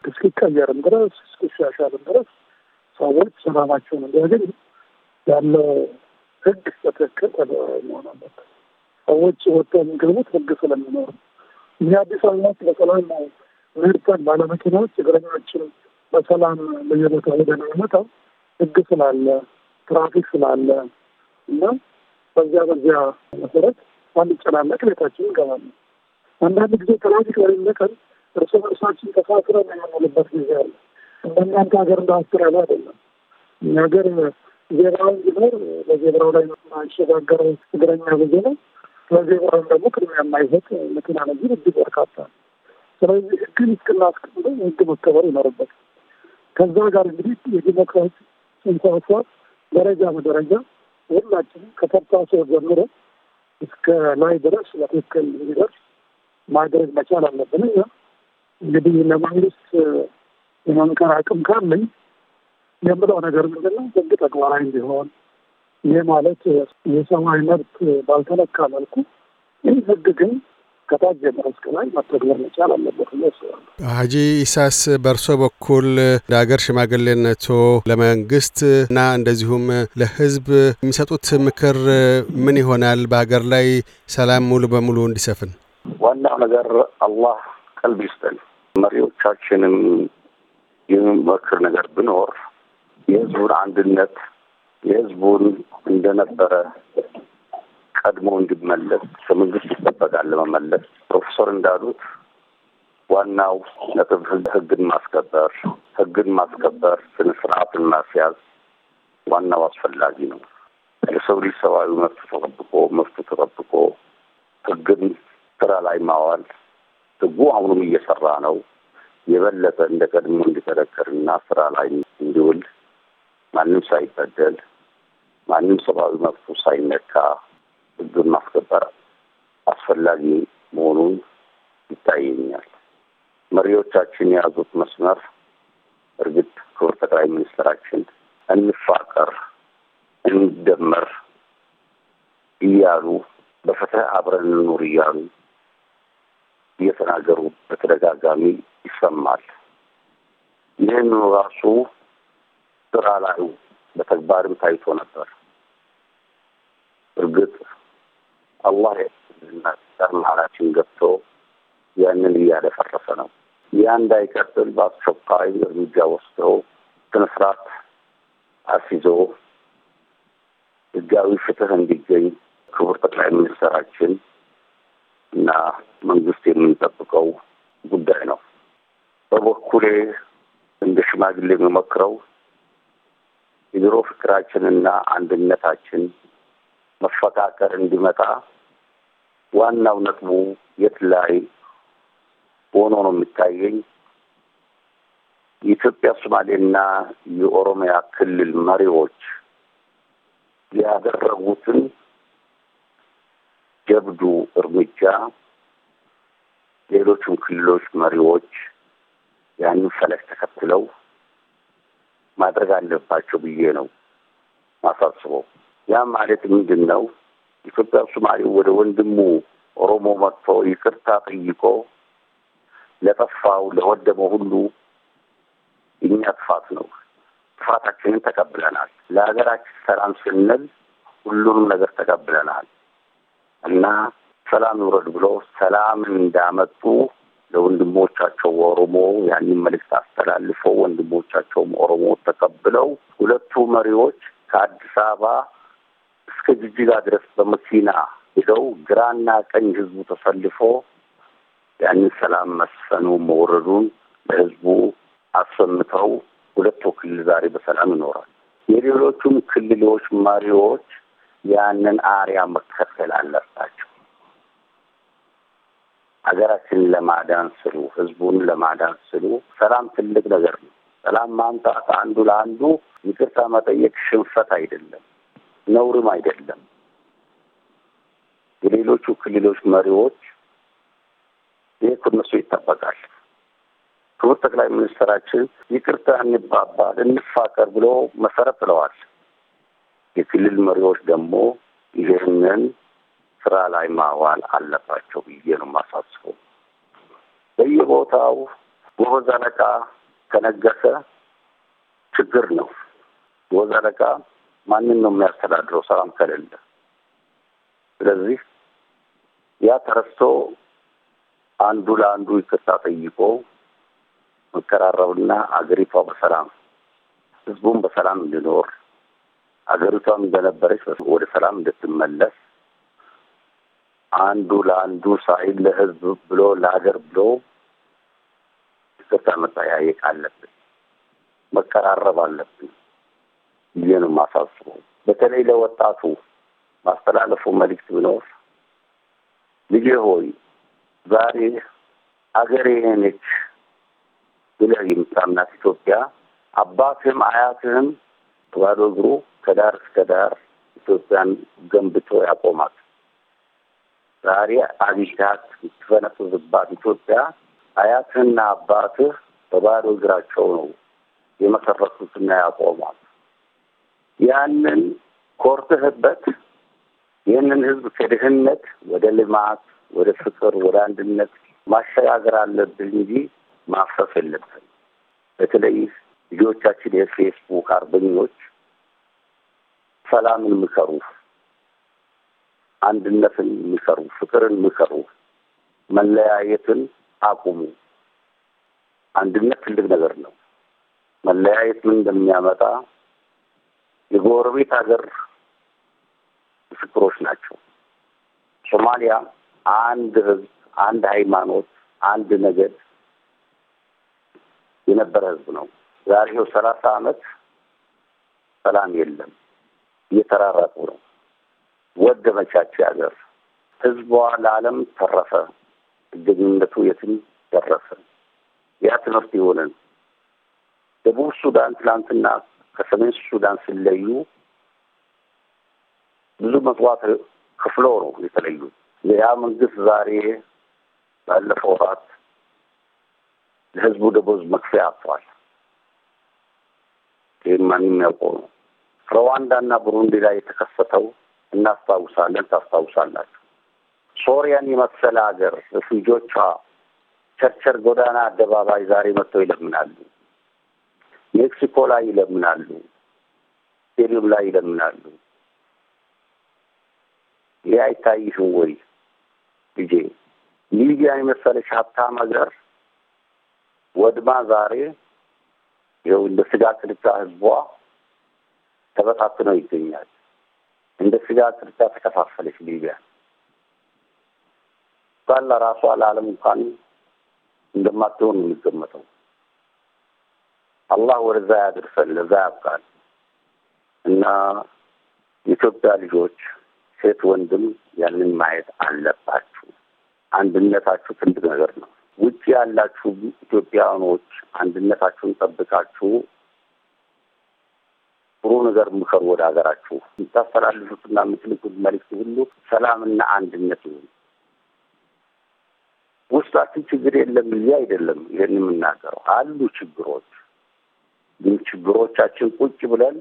እስኪቀየርም ድረስ እስኪሻሻልም ድረስ ሰዎች ሰላማቸውን እንዲያገኝ ያለው ህግ በትክክል ተግባራዊ መሆን አለበት። ሰዎች ወጥተው የሚገቡት ህግ ስለሚኖር እኛ አዲስ አበባ ውስጥ በሰላም ምርታን ባለመኪናዎች እግረኞችን በሰላም ለየቦታ ሄደ ነው የምንመጣው ህግ ስላለ ትራፊክ ስላለ እና በዚያ በዚያ መሰረት አንጨናነቅ ቤታችን እንገባለን። አንዳንድ ጊዜ ትራፊክ በሌለ ቀን እርስ በርሳችን ተሳስረን የምንውልበት ጊዜ አለ። እንደናንተ ሀገር እንደ አውስትራሊያ አይደለም። እኛ ሀገር ዜብራውን ቢኖር በዜብራው ላይ የማይሸጋገር እግረኛ ብዙ ነው። ለዜብራውም ደግሞ ቅድሚያ የማይሰጥ መኪና ነዚህ እጅግ በርካታ። ስለዚህ ህግን እስክናስቀምደ ህግ መከበር ይኖርበት ከዛ ጋር እንግዲህ የዲሞክራሲ ጽንሰ ሀሳብ ደረጃ በደረጃ ሁላችንም ከተርታሶ ጀምሮ እስከ ላይ ድረስ በትክክል እንዲደርስ ማድረግ መቻል አለብን። እኛ እንግዲህ ለመንግስት የመምከር አቅም ካለኝ የምለው ነገር ምንድነው ህግ ተግባራዊ እንዲሆን ይህ ማለት የሰብአዊ መብት ባልተነካ መልኩ ይህ ህግ ግን ከታች ጀምሮ እስከ ላይ መተግበር መቻል አለበት ያስባል። ሀጂ ኢሳስ በእርሶ በኩል እንደ ሀገር ሽማግሌነቶ ለመንግስት እና እንደዚሁም ለህዝብ የሚሰጡት ምክር ምን ይሆናል? በሀገር ላይ ሰላም ሙሉ በሙሉ እንዲሰፍን ዋናው ነገር አላህ ቀልብ ይስጠን። መሪዎቻችንም የሚመክር ነገር ብኖር የህዝቡን አንድነት የህዝቡን እንደነበረ ቀድሞ እንዲመለስ ከመንግስት ይጠበቃል። ለመመለስ ፕሮፌሰር እንዳሉት ዋናው ነጥብ ህግን ማስከበር፣ ህግን ማስከበር ስነ ስርዓትን ማስያዝ ዋናው አስፈላጊ ነው። የሰው ልጅ ሰብአዊ መብት ተጠብቆ መብቱ ተጠብቆ ህግን ስራ ላይ ማዋል ህጉ አሁንም እየሰራ ነው። የበለጠ እንደ ቀድሞ እንዲጠነክርና ስራ ላይ እንዲውል ማንም ሳይበደል ማንም ሰብአዊ መብቱ ሳይነካ ሕግን ማስከበር አስፈላጊ መሆኑን ይታየኛል። መሪዎቻችን የያዙት መስመር እርግጥ ክቡር ጠቅላይ ሚኒስትራችን እንፋቀር፣ እንደመር እያሉ በፍትህ አብረን እንኑር እያሉ እየተናገሩ በተደጋጋሚ ይሰማል። ይህን ራሱ ስራ ላይ በተግባርም ታይቶ ነበር። እርግጥ አላህ መሀላችን ገብቶ ያንን እያደፈረሰ ነው። ያ እንዳይቀጥል በአስቸኳይ እርምጃ ወስዶ ስነ አስይዞ ህጋዊ ፍትህ እንዲገኝ ክቡር ጠቅላይ ሚኒስትራችን እና መንግስት የምንጠብቀው ጉዳይ ነው። በበኩሌ እንደ ሽማግሌ የምመክረው የድሮ ፍቅራችንና አንድነታችን መፈቃቀር እንዲመጣ ዋናው ነጥቡ የት ላይ ሆኖ ነው የሚታየኝ? የኢትዮጵያ ሶማሌና የኦሮሚያ ክልል መሪዎች ያደረጉትን ጀብዱ እርምጃ ሌሎቹም ክልሎች መሪዎች ያንን ፈለግ ተከትለው ማድረግ አለባቸው ብዬ ነው ማሳስበው። ያ ማለት ምንድን ነው? ኢትዮጵያ ሶማሌው ወደ ወንድሙ ኦሮሞ መጥቶ ይቅርታ ጠይቆ ለጠፋው ለወደመው ሁሉ እኛ ጥፋት ነው ጥፋታችንን ተቀብለናል። ለሀገራችን ሰላም ስንል ሁሉንም ነገር ተቀብለናል እና ሰላም ይውረድ ብሎ ሰላም እንዳመጡ ለወንድሞቻቸው ኦሮሞ ያንን መልእክት አስተላልፈው ወንድሞቻቸውም ኦሮሞ ተቀብለው ሁለቱ መሪዎች ከአዲስ አበባ እስከ ጅጅጋ ድረስ በመኪና ሄደው ግራና ቀኝ ህዝቡ ተሰልፎ ያንን ሰላም መስፈኑ መውረዱን ለህዝቡ አሰምተው ሁለቱ ክልል ዛሬ በሰላም ይኖራል። የሌሎቹም ክልሎች መሪዎች ያንን አርያ መከተል አለባቸው። ሀገራችንን ለማዳን ስሉ፣ ህዝቡን ለማዳን ስሉ ሰላም ትልቅ ነገር ነው። ሰላም ማምጣት አንዱ ለአንዱ ይቅርታ መጠየቅ ሽንፈት አይደለም። ነውርም አይደለም። የሌሎቹ ክልሎች መሪዎች ይህ ከነሱ ይጠበቃል። ክቡር ጠቅላይ ሚኒስትራችን ይቅርታ እንባባል፣ እንፋቀር ብሎ መሰረት ብለዋል የክልል መሪዎች ደግሞ ይህንን ስራ ላይ ማዋል አለባቸው ብዬ ነው የማሳስበው። በየቦታው ጎበዝ አለቃ ከነገሰ ችግር ነው። ጎበዝ አለቃ ማንን ነው የሚያስተዳድረው? ሰላም ከሌለ። ስለዚህ ያ ተረስቶ አንዱ ለአንዱ ይቅርታ ጠይቆ መቀራረብና አገሪቷ በሰላም ህዝቡም በሰላም እንዲኖር አገሪቷም እንደነበረች ወደ ሰላም እንድትመለስ አንዱ ለአንዱ ሳይል ለህዝብ ብሎ ለሀገር ብሎ ይቅርታ መጠያየቅ አለብን። መቀራረብ አለብን። ብዬ ነው የማሳስበው። በተለይ ለወጣቱ ማስተላለፉ መልዕክት ቢኖር ልጅ ሆይ ዛሬ አገሬ ነች ብለህ የምታምናት ኢትዮጵያ አባትህም አያትህም ባዶ እግሩ ከዳር እስከ ዳር ኢትዮጵያን ገንብቶ ያቆማት ዛሬ አብሻት የምትፈነጥዝባት ኢትዮጵያ አያትህና አባትህ በባዶ እግራቸው ነው የመሰረቱትና ያቆሟት። ያንን ኮርትህበት ይህንን ህዝብ ከድህነት ወደ ልማት፣ ወደ ፍቅር፣ ወደ አንድነት ማሸጋገር አለብን እንጂ ማፍረስ የለብን። በተለይ ልጆቻችን የፌስቡክ አርበኞች ሰላምን ምከሩ፣ አንድነትን ምከሩ፣ ፍቅርን ምከሩ፣ መለያየትን አቁሙ። አንድነት ትልቅ ነገር ነው። መለያየት ምን እንደሚያመጣ የጎረቤት ሀገር ምስክሮች ናቸው። ሶማሊያ አንድ ህዝብ፣ አንድ ሃይማኖት፣ አንድ ነገድ የነበረ ህዝብ ነው። ዛሬው ሰላሳ አመት ሰላም የለም። እየተራራቁ ነው። ወደመቻች ሀገር ህዝቧ ለዓለም ተረፈ። ጥገኝነቱ የትም ደረሰ። ያ ትምህርት ይሆንን ደቡብ ሱዳን ትላንትና ከሰሜን ሱዳን ሲለዩ ብዙ መስዋዕት ከፍለው ነው የተለዩ። ያ መንግስት ዛሬ ባለፈው ወራት ለህዝቡ ደቦዝ መክፈያ አጥቷል። ይህም ማንም ያውቀው ነው። ሩዋንዳና ብሩንዲ ላይ የተከሰተው እናስታውሳለን፣ ታስታውሳላችሁ። ሶሪያን የመሰለ ሀገር ሪፊውጂዎቿ ቸርቸር ጎዳና አደባባይ ዛሬ መጥተው ይለምናሉ። ሜክሲኮ ላይ ይለምናሉ፣ ፊልም ላይ ይለምናሉ። ይህ አይታይሽም ወይ ልጄ? ሊቢያ የመሰለች ሀብታም ሀገር ወድማ ዛሬ ይኸው እንደ ስጋ ቅርጫ ህዝቧ ተበታትነው ይገኛል። እንደ ስጋ ቅርጫ ተከፋፈለች ሊቢያ። ባላ ራሷ ለዓለም እንኳን እንደማትሆን የሚገመተው አላህ ወደዛ ያድርሰን፣ ለዛ ያብቃል እና የኢትዮጵያ ልጆች ሴት ወንድም ያንን ማየት አለባችሁ። አንድነታችሁ ትልቅ ነገር ነው። ውጭ ያላችሁ ኢትዮጵያኖች አንድነታችሁን ጠብቃችሁ ጥሩ ነገር ምከሩ። ወደ ሀገራችሁ የምታስተላልፉትና የምትልኩት መልዕክት ሁሉ ሰላምና አንድነት ይሁን። ውስጣችን ችግር የለም ብዬ አይደለም ይህን የምናገረው። አሉ ችግሮች ችግሮቻችን ቁጭ ብለን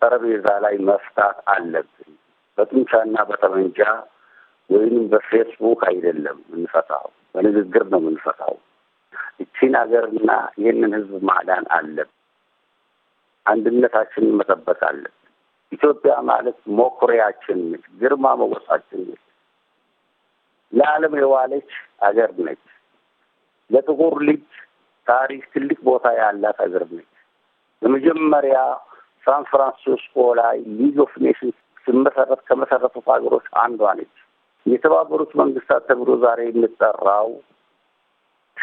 ጠረጴዛ ላይ መፍታት አለብን። በጡንቻና በጠመንጃ ወይም በፌስቡክ አይደለም የምንፈታው፣ በንግግር ነው የምንፈታው። እቺን ሀገርና ይህንን ህዝብ ማዳን አለብን። አንድነታችንን መጠበቅ አለብን። ኢትዮጵያ ማለት ሞኩሪያችን ነች፣ ግርማ ሞገሳችን ነች፣ ለዓለም የዋለች ሀገር ነች። ለጥቁር ልጅ ታሪክ ትልቅ ቦታ ያላት ሀገር ነች። የመጀመሪያ ሳን ፍራንሲስኮ ላይ ሊግ ኦፍ ኔሽንስ ስመሰረት ከመሰረቱት ሀገሮች አንዷ ነች። የተባበሩት መንግስታት ተብሎ ዛሬ የምጠራው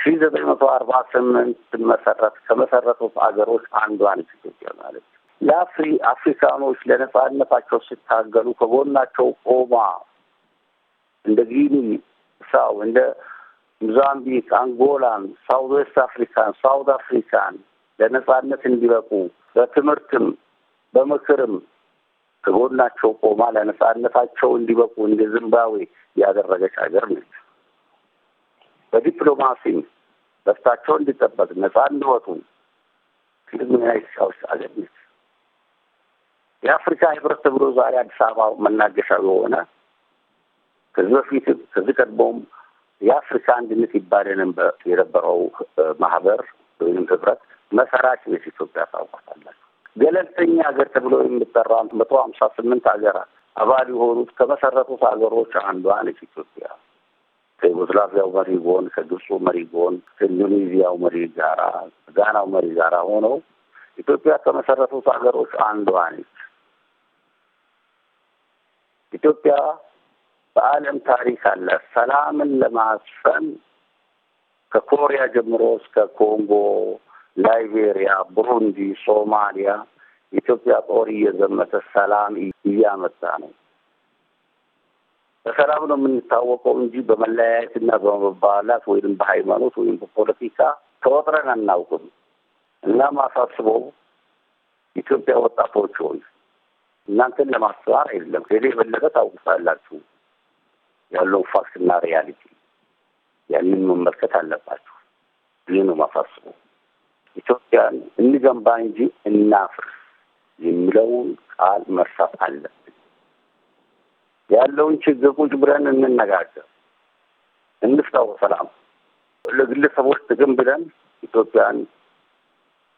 ሺ ዘጠኝ መቶ አርባ ስምንት ስመሰረት ከመሰረቱት ሀገሮች አንዷ ነች ኢትዮጵያ ማለት ለአፍሪ አፍሪካኖች ለነጻነታቸው ሲታገሉ ከጎናቸው ቆማ እንደ ጊኒ ሳው እንደ ሞዛምቢክ፣ አንጎላን፣ ሳውዝ ዌስት አፍሪካን፣ ሳውት አፍሪካን ለነጻነት እንዲበቁ በትምህርትም በምክርም ከጎናቸው ቆማ ለነጻነታቸው እንዲበቁ እንደ ዚምባብዌ ያደረገች ሀገር ነች። በዲፕሎማሲም በፍታቸው እንዲጠበቅ ነጻ እንዲወጡ ቅድሚያ የተሻዎች ሀገር ነች። የአፍሪካ ህብረት ተብሎ ዛሬ አዲስ አበባ መናገሻው የሆነ ከዚህ በፊት ከዚህ ቀድሞም የአፍሪካ አንድነት ይባለንም የነበረው ማህበር ወይም ህብረት መሰራች ነች ኢትዮጵያ ታውቁታላችሁ። ገለልተኛ ሀገር ተብሎ የምጠራ መቶ ሀምሳ ስምንት ሀገራት አባል የሆኑት ከመሰረቱት ሀገሮች አንዷ ነች ኢትዮጵያ ከዩጎስላቪያው መሪ ጎን፣ ከግብፁ መሪ ጎን፣ ከኢንዶኔዚያው መሪ ጋራ፣ ጋናው መሪ ጋራ ሆነው ኢትዮጵያ ከመሰረቱት ሀገሮች አንዷ ነች። ኢትዮጵያ በዓለም ታሪክ አለ። ሰላምን ለማስፈን ከኮሪያ ጀምሮ እስከ ኮንጎ ላይቤሪያ፣ ብሩንዲ፣ ሶማሊያ ኢትዮጵያ ጦር እየዘመተ ሰላም እያመጣ ነው። በሰላም ነው የምንታወቀው እንጂ በመለያየትና በመባላት ወይም በሃይማኖት ወይም በፖለቲካ ተወጥረን አናውቅም። እናም ማሳስበው ኢትዮጵያ ወጣቶች ሆይ እናንተን ለማስተማር አይደለም፣ ከሌ የበለጠ ታውቁታላችሁ ያለውን ፋክትና ሪያሊቲ ያንን መመልከት አለባችሁ። ይህ ነው ማሳስበው። ኢትዮጵያን እንገንባ እንጂ እናፍርስ የሚለውን ቃል መርሳት አለብን። ያለውን ችግር ቁጭ ብለን እንነጋገር፣ እንፍታው ሰላም ለግለሰቦች ጥቅም ብለን ኢትዮጵያን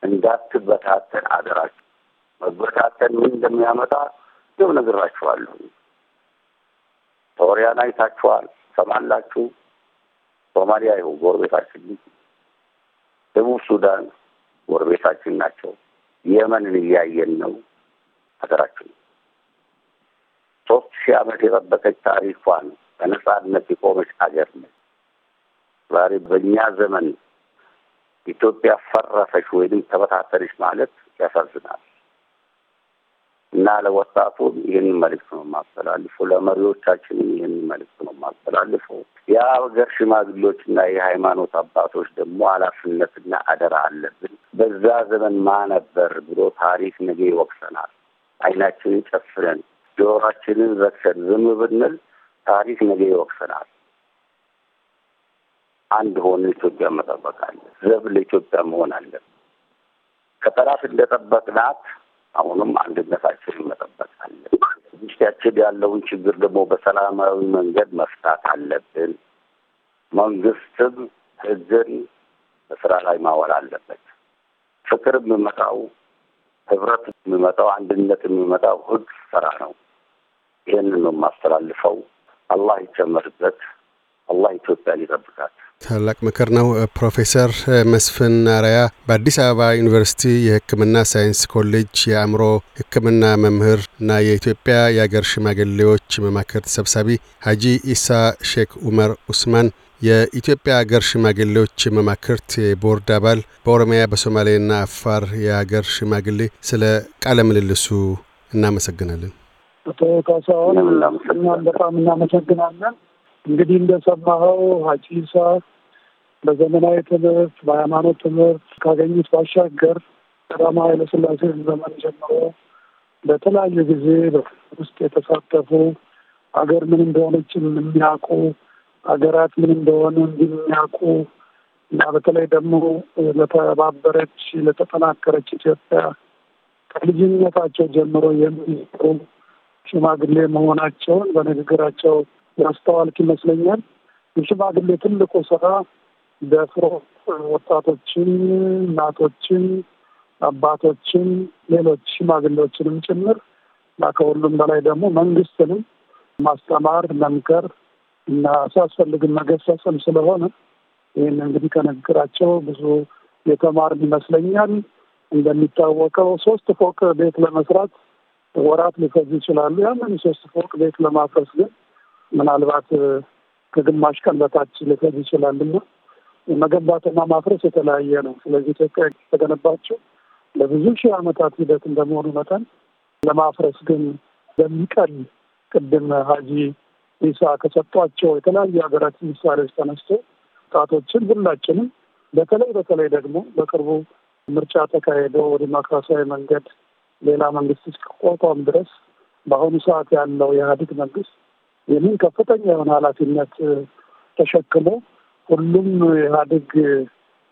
እንዳትበታተን አደራችሁ። መበታተን ምን እንደሚያመጣ ይኸው ነግራችኋለሁ። ሶሪያን አይታችኋል፣ ሰማላችሁ። ሶማሊያ ይኸው ጎረቤታችን፣ ደቡብ ሱዳን ጎረቤታችን ናቸው። የመንን እያየን ነው። ሀገራችን ሶስት ሺህ ዓመት የጠበቀች ታሪኳን በነጻነት የቆመች ሀገር ነች። ዛሬ በእኛ ዘመን ኢትዮጵያ ፈረሰች ወይም ተበታተነች ማለት ያሳዝናል። እና ለወጣቱ ይህን መልእክት ነው የማስተላልፈው። ለመሪዎቻችንም ይህን መልእክት ነው የማስተላልፈው። የሀገር ሽማግሌዎችና የሃይማኖት አባቶች ደግሞ ኃላፊነትና አደራ አለብን። በዛ ዘመን ማ ነበር ብሎ ታሪክ ነገ ይወቅሰናል። አይናችንን ጨፍነን ጆሮችንን ዘግተን ዝም ብንል ታሪክ ነገ ይወቅሰናል። አንድ ሆን ኢትዮጵያ መጠበቅ አለ። ዘብ ለኢትዮጵያ መሆን አለብን። ከጠላት እንደጠበቅናት አሁንም አንድነታችንን መጠበቅ አለብን። ያለውን ችግር ደግሞ በሰላማዊ መንገድ መፍታት አለብን። መንግስትም ህግን በስራ ላይ ማዋል አለበት። ፍቅር የሚመጣው ህብረት የሚመጣው አንድነት የሚመጣው ህግ ስራ ነው። ይህንን ነው የማስተላልፈው። አላህ ይጨመርበት። አላህ ኢትዮጵያን ይጠብቃት። ታላቅ ምክር ነው። ፕሮፌሰር መስፍን አርአያ በአዲስ አበባ ዩኒቨርሲቲ የሕክምና ሳይንስ ኮሌጅ የአእምሮ ሕክምና መምህር እና የኢትዮጵያ የአገር ሽማግሌዎች መማክርት ሰብሳቢ፣ ሀጂ ኢሳ ሼክ ኡመር ኡስማን የኢትዮጵያ አገር ሽማግሌዎች መማክርት የቦርድ አባል፣ በኦሮሚያ በሶማሌና አፋር የአገር ሽማግሌ፣ ስለ ቃለ ምልልሱ እናመሰግናለን። አቶ ካሳሁን በጣም እናመሰግናለን። እንግዲህ እንደሰማኸው ሀጂሳ በዘመናዊ ትምህርት በሃይማኖት ትምህርት ካገኙት ባሻገር ቀዳማዊ ኃይለሥላሴ ዘመን ጀምሮ በተለያየ ጊዜ ውስጥ የተሳተፉ ሀገር ምን እንደሆነች የሚያውቁ ሀገራት ምን እንደሆኑ እንዲሚያውቁ እና በተለይ ደግሞ ለተባበረች ለተጠናከረች ኢትዮጵያ ከልጅነታቸው ጀምሮ የሚ ሽማግሌ መሆናቸውን በንግግራቸው ያስተዋልክ ይመስለኛል። የሽማግሌ ትልቁ ስራ ደፍሮ ወጣቶችን፣ እናቶችን፣ አባቶችን፣ ሌሎች ሽማግሌዎችንም ጭምር እና ከሁሉም በላይ ደግሞ መንግስትንም ማስተማር፣ መምከር እና ሲያስፈልግን መገሰጽም ስለሆነ ይህን እንግዲህ ከንግግራቸው ብዙ የተማር ይመስለኛል። እንደሚታወቀው ሶስት ፎቅ ቤት ለመስራት ወራት ሊፈጅ ይችላሉ። ያንን ሶስት ፎቅ ቤት ለማፍረስ ግን ምናልባት ከግማሽ ቀን በታች ሊፈጅ ይችላልና መገንባትና ማፍረስ የተለያየ ነው። ስለዚህ ኢትዮጵያ የተገነባቸው ለብዙ ሺህ ዓመታት ሂደት እንደመሆኑ መጠን ለማፍረስ ግን በሚቀል ቅድም ሀጂ ኢሳ ከሰጧቸው የተለያዩ ሀገራት ምሳሌዎች ተነስቶ ጣቶችን ሁላችንም በተለይ በተለይ ደግሞ በቅርቡ ምርጫ ተካሄዶ ዲሞክራሲያዊ መንገድ ሌላ መንግስት እስኪቋቋም ድረስ በአሁኑ ሰዓት ያለው የኢህአዴግ መንግስት ይህንን ከፍተኛ የሆነ ኃላፊነት ተሸክሞ ሁሉም ኢህአዴግ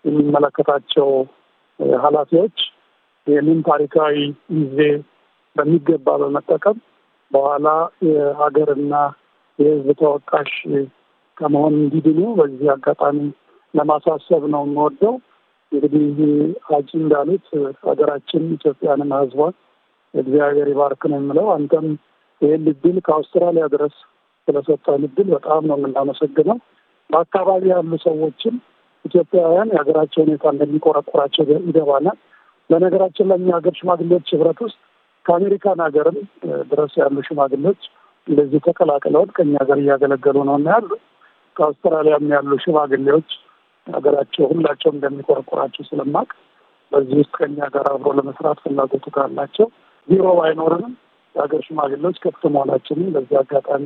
የሚመለከታቸው ኃላፊዎች ይህንን ታሪካዊ ጊዜ በሚገባ በመጠቀም በኋላ የሀገርና የህዝብ ተወቃሽ ከመሆን እንዲድኑ በዚህ አጋጣሚ ለማሳሰብ ነው የምወደው። እንግዲህ ሀጂ እንዳሉት ሀገራችን ኢትዮጵያንም ህዝቧን እግዚአብሔር ይባርክ ነው የምለው። አንተም ይህን ልድል ከአውስትራሊያ ድረስ ስለሰጠን እድል በጣም ነው የምናመሰግነው። በአካባቢ ያሉ ሰዎችም ኢትዮጵያውያን የሀገራቸው ሁኔታ እንደሚቆረቆራቸው ይገባናል። በነገራችን ላይ የሀገር ሽማግሌዎች ህብረት ውስጥ ከአሜሪካን ሀገርም ድረስ ያሉ ሽማግሌዎች እንደዚህ ተቀላቅለውን ከኛ ሀገር እያገለገሉ ነው እና ያሉ ከአውስትራሊያም ያሉ ሽማግሌዎች ሀገራቸው ሁላቸው እንደሚቆረቆራቸው ስለማቅ በዚህ ውስጥ ከኛ ጋር አብሮ ለመስራት ፍላጎቱ ካላቸው ቢሮ ባይኖርንም የሀገር ሽማግሌዎች ክፍት መሆናችንን በዚህ አጋጣሚ